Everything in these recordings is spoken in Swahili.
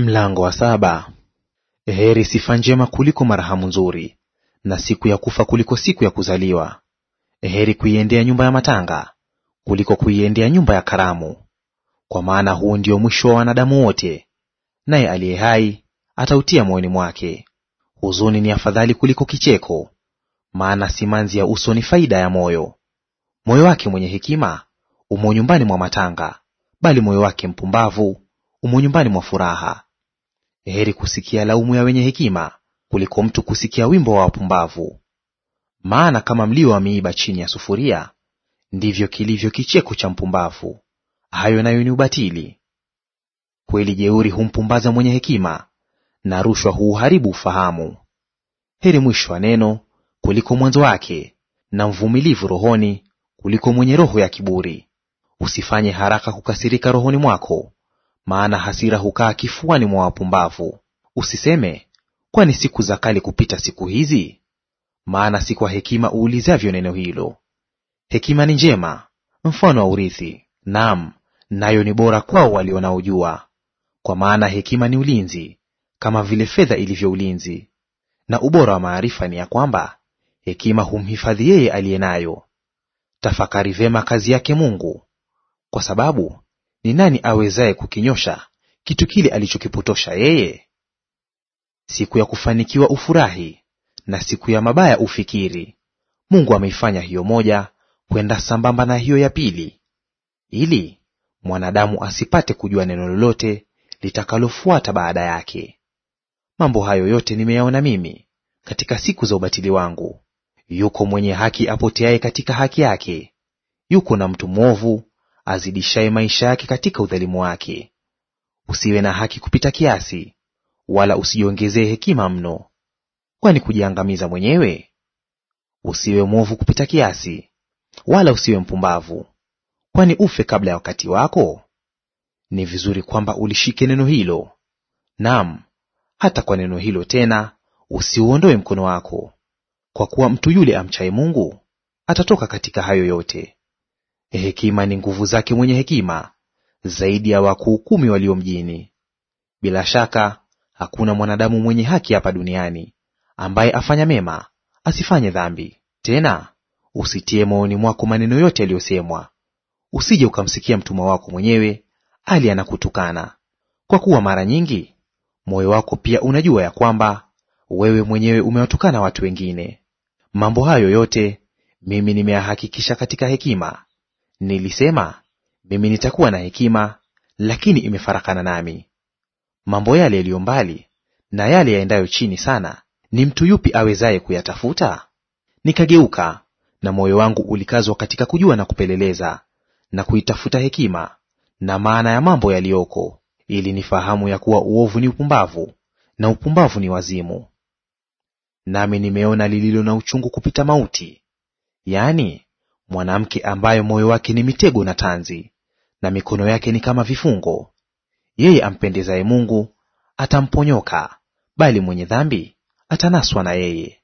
Mlango wa saba. Heri sifa njema kuliko marhamu nzuri, na siku ya kufa kuliko siku ya kuzaliwa. Heri kuiendea nyumba ya matanga kuliko kuiendea nyumba ya karamu, kwa maana huu ndio mwisho wa wanadamu wote, naye aliye hai atautia moyoni mwake. Huzuni ni afadhali kuliko kicheko, maana simanzi ya uso ni faida ya moyo. Moyo wake mwenye hekima umo nyumbani mwa matanga, bali moyo wake mpumbavu umo nyumbani mwa furaha. Heri kusikia laumu ya wenye hekima kuliko mtu kusikia wimbo wa wapumbavu. Maana kama mlio wa miiba chini ya sufuria, ndivyo kilivyo kicheko cha mpumbavu; hayo nayo ni ubatili. Kweli jeuri humpumbaza mwenye hekima, na rushwa huuharibu ufahamu. Heri mwisho wa neno kuliko mwanzo wake, na mvumilivu rohoni kuliko mwenye roho ya kiburi. Usifanye haraka kukasirika rohoni mwako, maana hasira hukaa kifuani mwa wapumbavu. Usiseme, kwani siku za kale kupita siku hizi? Maana si kwa hekima uulizavyo neno hilo. Hekima ni njema, mfano wa urithi, naam, nayo ni bora kwao walionaojua. Kwa maana hekima ni ulinzi, kama vile fedha ilivyo ulinzi, na ubora wa maarifa ni ya kwamba hekima humhifadhi yeye aliye nayo. Tafakari vema kazi yake Mungu, kwa sababu ni nani awezaye kukinyosha kitu kile alichokipotosha yeye? Siku ya kufanikiwa ufurahi, na siku ya mabaya ufikiri. Mungu ameifanya hiyo moja kwenda sambamba na hiyo ya pili, ili mwanadamu asipate kujua neno lolote litakalofuata baada yake. Mambo hayo yote nimeyaona mimi katika siku za ubatili wangu. Yuko mwenye haki apoteaye katika haki yake, yuko na mtu mwovu azidishaye maisha yake katika udhalimu wake. Usiwe na haki kupita kiasi, wala usijiongezee hekima mno, kwani kujiangamiza mwenyewe. Usiwe mwovu kupita kiasi, wala usiwe mpumbavu, kwani ufe kabla ya wakati wako. Ni vizuri kwamba ulishike neno hilo, naam, hata kwa neno hilo tena usiuondoe mkono wako, kwa kuwa mtu yule amchaye Mungu atatoka katika hayo yote. Eh, hekima ni nguvu zake mwenye hekima zaidi ya wakuu kumi walio mjini. Bila shaka hakuna mwanadamu mwenye haki hapa duniani, ambaye afanya mema, asifanye dhambi. Tena usitie moyoni mwako maneno yote yaliyosemwa, usije ukamsikia mtumwa wako mwenyewe ali anakutukana. Kwa kuwa mara nyingi moyo wako pia unajua ya kwamba wewe mwenyewe umewatukana watu wengine. Mambo hayo yote mimi nimeyahakikisha katika hekima Nilisema, mimi nitakuwa na hekima, lakini imefarakana nami. Mambo yale yaliyo mbali na yale yaendayo chini sana, ni mtu yupi awezaye kuyatafuta? Nikageuka, na moyo wangu ulikazwa katika kujua na kupeleleza na kuitafuta hekima na maana ya mambo yaliyoko, ili nifahamu ya kuwa uovu ni upumbavu na upumbavu ni wazimu. Nami nimeona lililo na uchungu kupita mauti, yaani mwanamke ambaye moyo wake ni mitego na tanzi, na mikono yake ni kama vifungo. Yeye ampendezaye Mungu atamponyoka, bali mwenye dhambi atanaswa na yeye.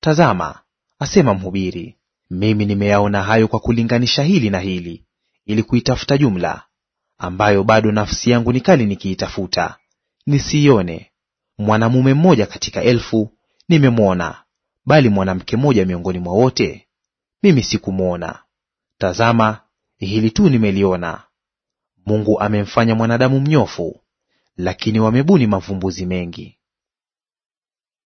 Tazama, asema mhubiri, mimi nimeyaona hayo kwa kulinganisha hili na hili, ili kuitafuta jumla ambayo bado nafsi yangu ni kali nikiitafuta, nisiione. Mwanamume mmoja katika elfu nimemwona, bali mwanamke mmoja miongoni mwa wote mimi sikumwona; tazama, hili tu nimeliona. Mungu amemfanya mwanadamu mnyofu, lakini wamebuni mavumbuzi mengi.